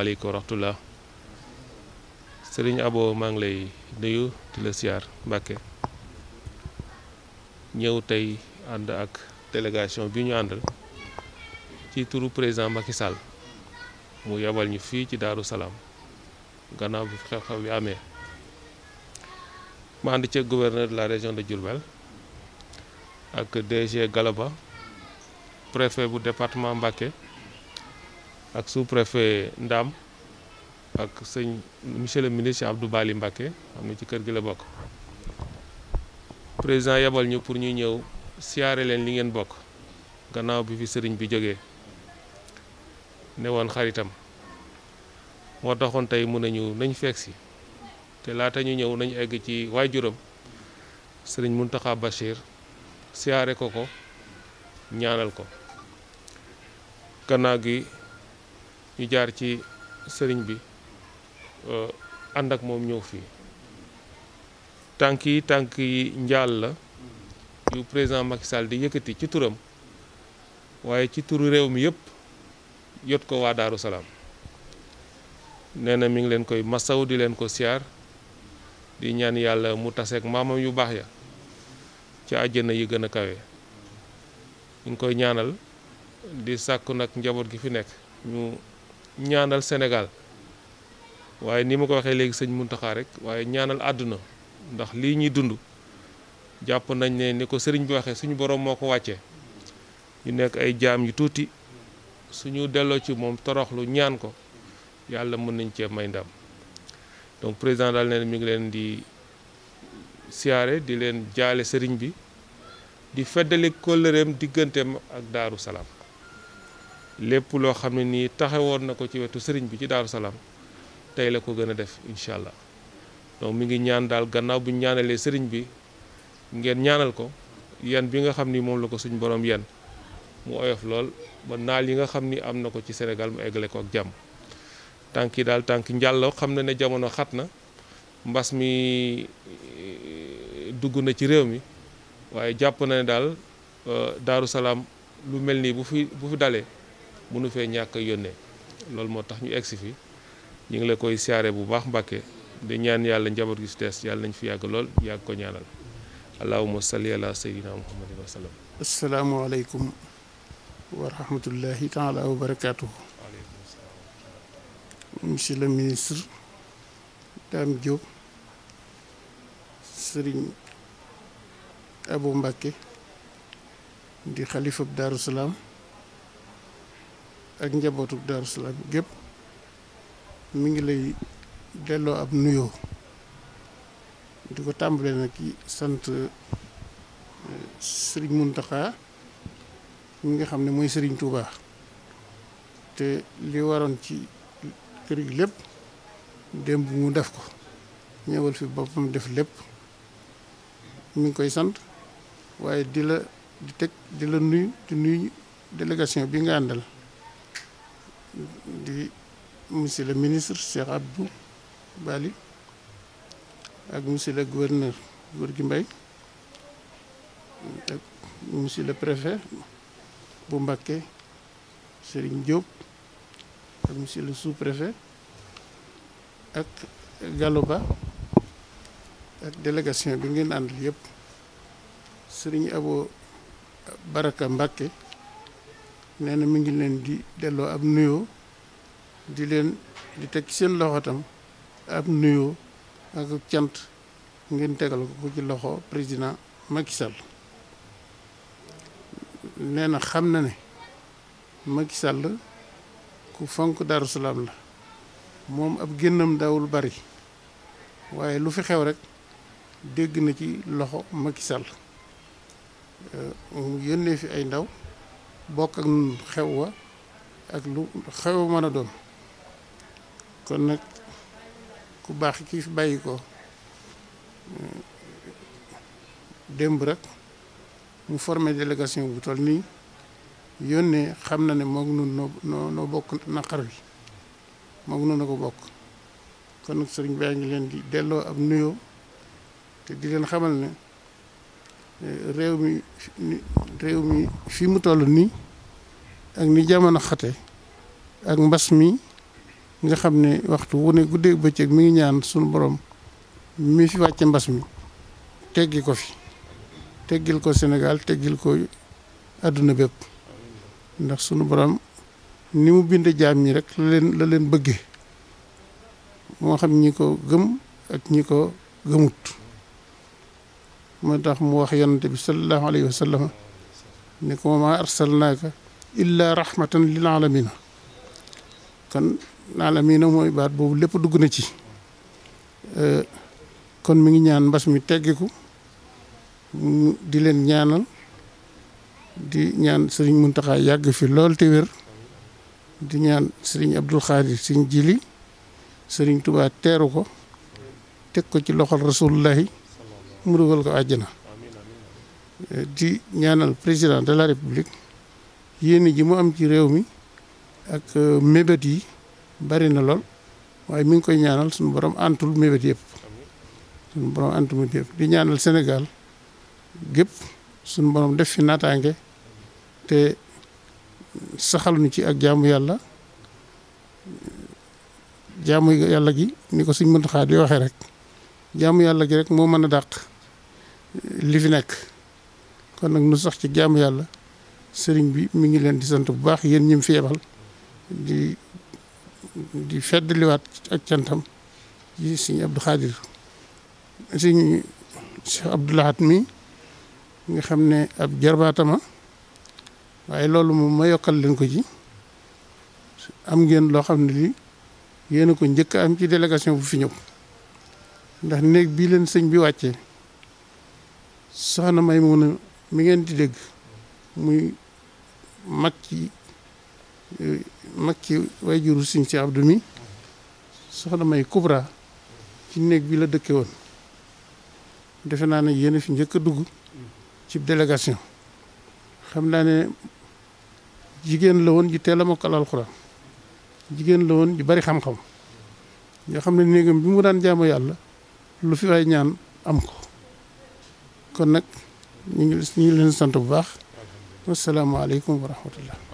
asalaamaaleykum wa rahmatullah Serigne Abo maa ngi lay nuyu di la siyaar Mbàkke ñëw tey ànd ak délégation bi ñu àndal ci turu président Macky Sall mu yabal ñu fii ci Daaru Salaam gannaaw bi xew-xew bi amee ma ànd ceeg gouverneur de la région de Diourbel ak DG Galaba préfet bu département Mbàkke ak sous-préfet Ndam ak sëñ monsieur le ministre Abdou Bali Mbacké xam ne ci kër gi la bokk président yebal ñu pour ñuy ñëw siyaare leen li ngeen bokk gannaaw bi fi sëriñ bi jógee ne woon xaritam moo taxoon tey mun nañu nañ fekk si te laata ñu ñëw nañ egg ci waajuram sëriñ Mountakha Bachir siyaare ko ko ñaanal ko gannaaw gi ñu jaar ci sëriñ bi euh, ànd ak moom ñëw fii tànk yi tànk yi njaal la yu président Macky Sall di yëkkati ci turam waaye ci turu réew mi yëpp yot ko waa Daaru Salaam nee na mi ngi leen koy masaw di leen ko siyaar di ñaan yàlla mu taseeg maamam yu baax ya ci àjjana yi gën a kawe ngi koy ñaanal di sàkku nag njaboot gi fi nekk ñu ñaanal Sénégal waaye ni ma ko waxee léegi sëñ Muntaxa rek waaye ñaanal àdduna ndax lii ñuy dund jàpp nañ ne ni ko sëriñ bi waxee suñu boroom moo ko wàcce ñu nekk ay jaam yu tuuti suñu delloo ci moom toroxlu ñaan ko yàlla mën nañ cee may ndam donc président dal ne mi ngi leen di siyaare di leen jaale sëriñ bi di feddali kóllëreem digganteem ak Daaru Salaam lépp loo xam ne nii taxawoon na ko ci wetu sëriñ bi ci Daaru Salaam tey la ko gën a def incha allah donc mi ngi ñaan daal gannaaw bu ñu ñaanalee sëriñ bi ngeen ñaanal ko yan bi nga xam ni moom la ko suñ borom yan mu oyof lool ba naal yi nga xam ni am na ko ci Sénégal mu eggale ko ak jàmm tànk yi daal tànk njàlloo xam na ne jamono xat na mbas mi eh, dugg na ci réew mi waaye jàpp na ne daal euh, Daaru Salaam lu mel nii bu fi bu fi dalee mënu fee ñàkk a yónnee loolu moo tax ñu egg si fi ñu ngi la koy siyaare bu baax Mbàkke di ñaan yàlla njaboot gi si tees yàlla nañ fi yàgg lool yàgg ko ñaanal allahuma salli ala sayyidina muhammadin wa sallam asalaamaaleykum wa rahmatullahi taala wa barakaatuhu le ministre Dame Diop Serigne Abou Mbacké di xalifab Daaru Salaam ak njabootu Daaru gépp mu ngi lay delloo ab nuyoo di ko tàmbalee nag ci sant eh, Sëriñ Muntaxa mi nga xam ne mooy Sëriñ Tuubaa te li waroon ci kër gi lépp démb mu def ko ñëwal fi boppam def lépp mi ngi koy sant waaye di la di teg di la nuyu di nuyu délégation bi nga àndal monsieur le ministre Cheikh Abdou Bali ak monsieur le gouverneur Gorgui Mbaye ak monsieur le préfet bu Mbacké Serigne Diop ak monsieur le sous-préfet ak Gallo ak délégation bi ngeen àndal yëpp Serigne Abo Baraka Mbacké nee na mi ngi leen di delloo ab nuyoo di leen di teg ci seen loxo tam ab nuyoo ak cant ngeen tegal ko ci loxo président Macky Sall nee na xam na ne Macky Sall ku fonk Darou Salaam la moom ab génnam daawul bari waaye lu fi xew rek dégg na ci loxo Macky Sall mu yónnee fi ay ndaw bokk ak nun xew wa ak lu xew mën a doon kon nag ku baax kii fi bàyyi ko démb rek mu forme délégation bu toll nii yónnee xam na ne moog nun noo noo noo bokk naqar wi moog nun na ko bokk kon nag sëriñ baa ngi leen di delloo ab nuyoo te di leen xamal ne eh, réew mi réew fi mu toll nii ak ni jamono xate ak mbas mi nga xam ne waxtu wu ne guddeeg bëccëg mi ngi ñaan sunu borom mi fi wàcce mbas mi teggi ko fi teggil ko senegal teggil ko àdduna bépp ndax sunu borom ni mu bind jaam ñi rek la leen la leen bëggee moo xam ñi ko gëm ak ñi ko gëmut moo tax mu wax yonante bi sallallahu alayhi wa sallam ko ma arsalnaaka illa rahmatan lil alamina kon laalamiina mooy baat boobu lépp dugg na ci euh, kon mi ngi ñaan mbas mi teggiku di leen ñaanal di ñaan sëriñ Muntaxa yàgg fi lool te wér di ñaan sëriñ Abdul Xaadir sëriñ Jili sëriñ Tubaa teeru ko teg ko ci loxol rasulullahi mu dugal ko àjjana euh, di ñaanal président de la république yéene ji mu am ci réew mi ak euh, mébét yi bari na lool waaye mi ngi koy ñaanal suñu borom antul mébét yëpp suñu borom antul mébét yëpp di ñaanal Sénégal gépp suñ borom def fi naataange te saxal nu ci ak jaamu yàlla jaamu yàlla gi ni ko suñ Muntaxa di waxee rek jaamu yàlla gi rek moo mën a dàq li fi nekk kon nag nu sax ci jaamu yàlla sëriñ bi mu ngi leen di sant bu baax yéen ñi mu fi yebal di di feddliwaat ak cantam yi sëñ Abdou Khadir sëñ Cheikh Abdou mi nga xam ne ab jarbaatama waaye loolu moom ma yokkal leen ko ci am ngeen loo xam ne lii yéen ko njëkk am ci délégation bu fi ñëw ndax néeg bii leen sëñ bi wàccee soxna Maymuna mi ngeen di dégg muy mag ci mag ci way siñ Sëriñ Cheikh mi soxna May Kubra ci néeg bi la dëkke woon defe naa ne yéen fi njëkk a dugg ci délégation xam naa ne jigéen la woon ji teel a mokkal alxuraan jigéen la woon ji bari xam-xam yoo xam ne néegam bi mu daan jaamu yàlla lu fi waay ñaan am ko kon nag ñu ngi ñu leen sant bu baax asalaamaaleykum wa rahmatullah